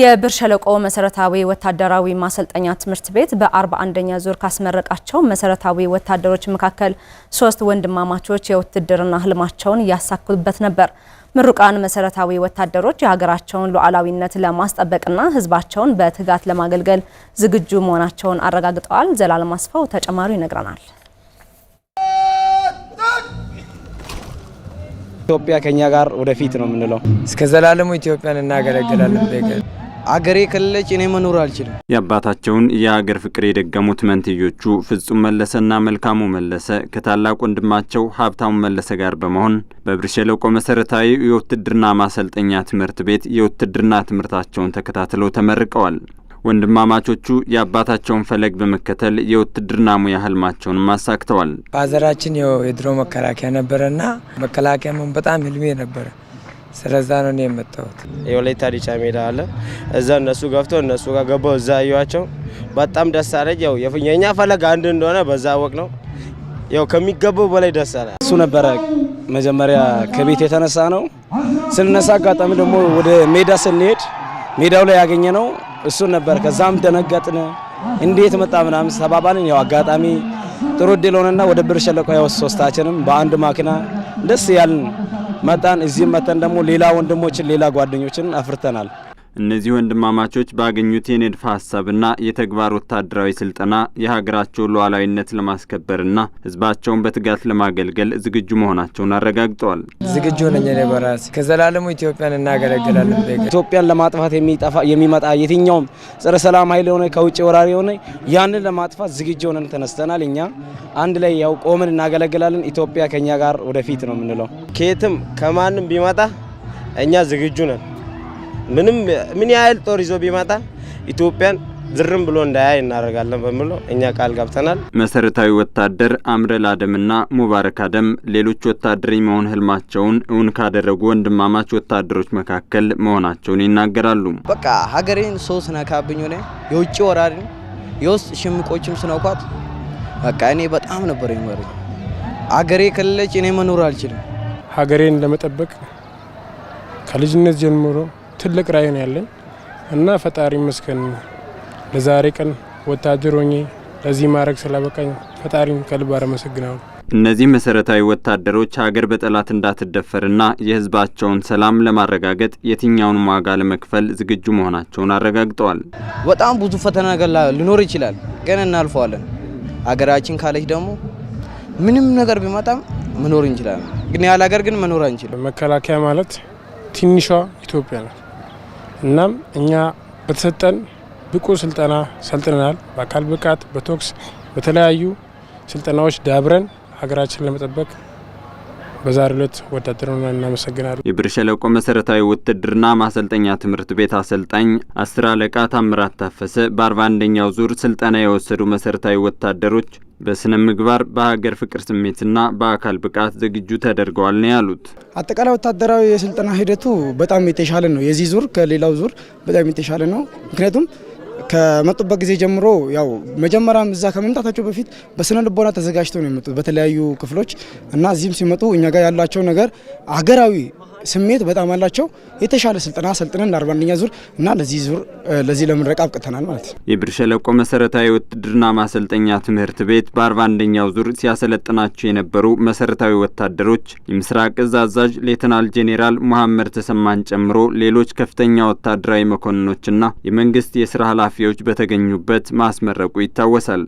የብር ሸለቆ መሰረታዊ ወታደራዊ ማሰልጠኛ ትምህርት ቤት በ41ኛ ዙር ካስመረቃቸው መሰረታዊ ወታደሮች መካከል ሶስት ወንድማማቾች የውትድርና ህልማቸውን እያሳኩበት ነበር። ምሩቃን መሰረታዊ ወታደሮች የሀገራቸውን ሉዓላዊነት ለማስጠበቅና ህዝባቸውን በትጋት ለማገልገል ዝግጁ መሆናቸውን አረጋግጠዋል። ዘላለም አስፋው ተጨማሪ ይነግረናል። ኢትዮጵያ ከኛ ጋር ወደፊት ነው የምንለው። እስከ ዘላለሙ ኢትዮጵያን እናገለግላለን። አገሬ ከሌለች እኔ መኖር አልችልም። የአባታቸውን የአገር ፍቅር የደገሙት መንትዮቹ ፍጹም መለሰና መልካሙ መለሰ ከታላቅ ወንድማቸው ሀብታሙ መለሰ ጋር በመሆን በብርሸለቆ መሰረታዊ የውትድርና ማሰልጠኛ ትምህርት ቤት የውትድርና ትምህርታቸውን ተከታትለው ተመርቀዋል። ወንድማማቾቹ የአባታቸውን ፈለግ በመከተል የውትድርና ሙያ ህልማቸውን አሳክተዋል። በሀዘራችን የድሮ መከላከያ ነበረና መከላከያ በጣም ህልሜ ነበረ ስለዛ ነው እኔ የመጣሁት። የወላይታ ዲቻ ሜዳ አለ እዛ እነሱ ገብቶ እነሱ ጋር ገባው እዛ አየኋቸው። በጣም ደስ አለኝ። ያው የኛ ፈለግ አንድ እንደሆነ በዛ ወቅ ነው ያው ከሚገባው በላይ ደስ አለ። እሱ ነበረ መጀመሪያ ከቤት የተነሳ ነው ስንነሳ፣ አጋጣሚ ደግሞ ወደ ሜዳ ስንሄድ ሜዳው ላይ ያገኘ ነው እሱ ነበር። ከዛም ደነገጥን፣ እንዴት መጣ ምናምን ተባባልን። ያው አጋጣሚ ጥሩ እድል ሆነና ወደ ብር ሸለቆ ያው ሶስታችንም በአንድ ማኪና ደስ ያልን መጣን። እዚህም መተን ደግሞ ሌላ ወንድሞችን ሌላ ጓደኞችን አፍርተናል። እነዚህ ወንድማማቾች ባገኙት የንድፈ ሀሳብና የተግባር ወታደራዊ ስልጠና የሀገራቸውን ሉዓላዊነት ለማስከበርና ህዝባቸውን በትጋት ለማገልገል ዝግጁ መሆናቸውን አረጋግጠዋል። ዝግጁ ነኝ እኔ በራሴ ከዘላለሙ ኢትዮጵያን እናገለግላለን። ኢትዮጵያን ለማጥፋት የሚመጣ የትኛውም ጸረ ሰላም ኃይል የሆነ ከውጭ ወራሪ የሆነ ያንን ለማጥፋት ዝግጁ ሆነን ተነስተናል። እኛ አንድ ላይ ያው ቆምን እናገለግላለን። ኢትዮጵያ ከኛ ጋር ወደፊት ነው የምንለው። ከየትም ከማንም ቢመጣ እኛ ዝግጁ ነን። ምንም ምን ያህል ጦር ይዞ ቢመጣ ኢትዮጵያን ዝርም ብሎ እንዳያይ እናደርጋለን በሚለው እኛ ቃል ገብተናል። መሰረታዊ ወታደር አምረል አደምና ሙባረክ አደም ሌሎች ወታደር መሆን ህልማቸውን እውን ካደረጉ ወንድማማች ወታደሮች መካከል መሆናቸውን ይናገራሉ። በቃ ሀገሬን ሰው ስነካብኝ ሆነ የውጭ ወራሪ የውስጥ ሽምቆችም ስነኳት በቃ እኔ በጣም ነበር ይመሪ ሀገሬ ከሌለች እኔ መኖር አልችልም። ሀገሬን ለመጠበቅ ከልጅነት ጀምሮ ትልቅ ራዕይ ነው ያለን እና ፈጣሪ ይመስገን ለዛሬ ቀን ወታደር ሆኜ ለዚህ ማድረግ ስላበቃኝ ፈጣሪን ከልብ አመሰግናለሁ። እነዚህ መሰረታዊ ወታደሮች ሀገር በጠላት እንዳትደፈርና የሕዝባቸውን ሰላም ለማረጋገጥ የትኛውን ዋጋ ለመክፈል ዝግጁ መሆናቸውን አረጋግጠዋል። በጣም ብዙ ፈተና ነገር ሊኖር ይችላል፣ ግን እናልፈዋለን። ሀገራችን ካለች ደግሞ ምንም ነገር ቢመጣም መኖር እንችላለን። ግን ያለ ሀገር ግን መኖር አንችልም። መከላከያ ማለት ትንሿ ኢትዮጵያ ናት። እናም እኛ በተሰጠን ብቁ ስልጠና ሰልጥነናል። በአካል ብቃት፣ በቶክስ፣ በተለያዩ ስልጠናዎች ዳብረን ሀገራችን ለመጠበቅ በዛሬ ዕለት ወታደሩን እናመሰግናለን። የብር ሸለቆ መሰረታዊ ውትድርና ማሰልጠኛ ትምህርት ቤት አሰልጣኝ አስር አለቃ ታምራት ታፈሰ በአርባ አንደኛው ዙር ስልጠና የወሰዱ መሰረታዊ ወታደሮች በስነ ምግባር በሀገር ፍቅር ስሜትና በአካል ብቃት ዝግጁ ተደርገዋል ነው ያሉት። አጠቃላይ ወታደራዊ የስልጠና ሂደቱ በጣም የተሻለ ነው። የዚህ ዙር ከሌላው ዙር በጣም የተሻለ ነው። ምክንያቱም ከመጡበት ጊዜ ጀምሮ ያው መጀመሪያም እዛ ከመምጣታቸው በፊት በስነ ልቦና ተዘጋጅተው ነው የመጡት በተለያዩ ክፍሎች እና እዚህም ሲመጡ እኛ ጋር ያላቸው ነገር አገራዊ ስሜት በጣም አላቸው። የተሻለ ስልጠና ሰልጥነን ለአርባአንደኛ ዙር እና ለዚህ ዙር ለዚህ ለምረቃ አብቅተናል ማለት ነው። የብር ሸለቆ መሰረታዊ ውትድርና ማሰልጠኛ ትምህርት ቤት በአርባአንደኛው ዙር ሲያሰለጥናቸው የነበሩ መሰረታዊ ወታደሮች የምስራቅ እዝ አዛዥ ሌተናል ጄኔራል መሐመድ ተሰማን ጨምሮ ሌሎች ከፍተኛ ወታደራዊ መኮንኖችና የመንግስት የስራ ኃላፊዎች በተገኙበት ማስመረቁ ይታወሳል።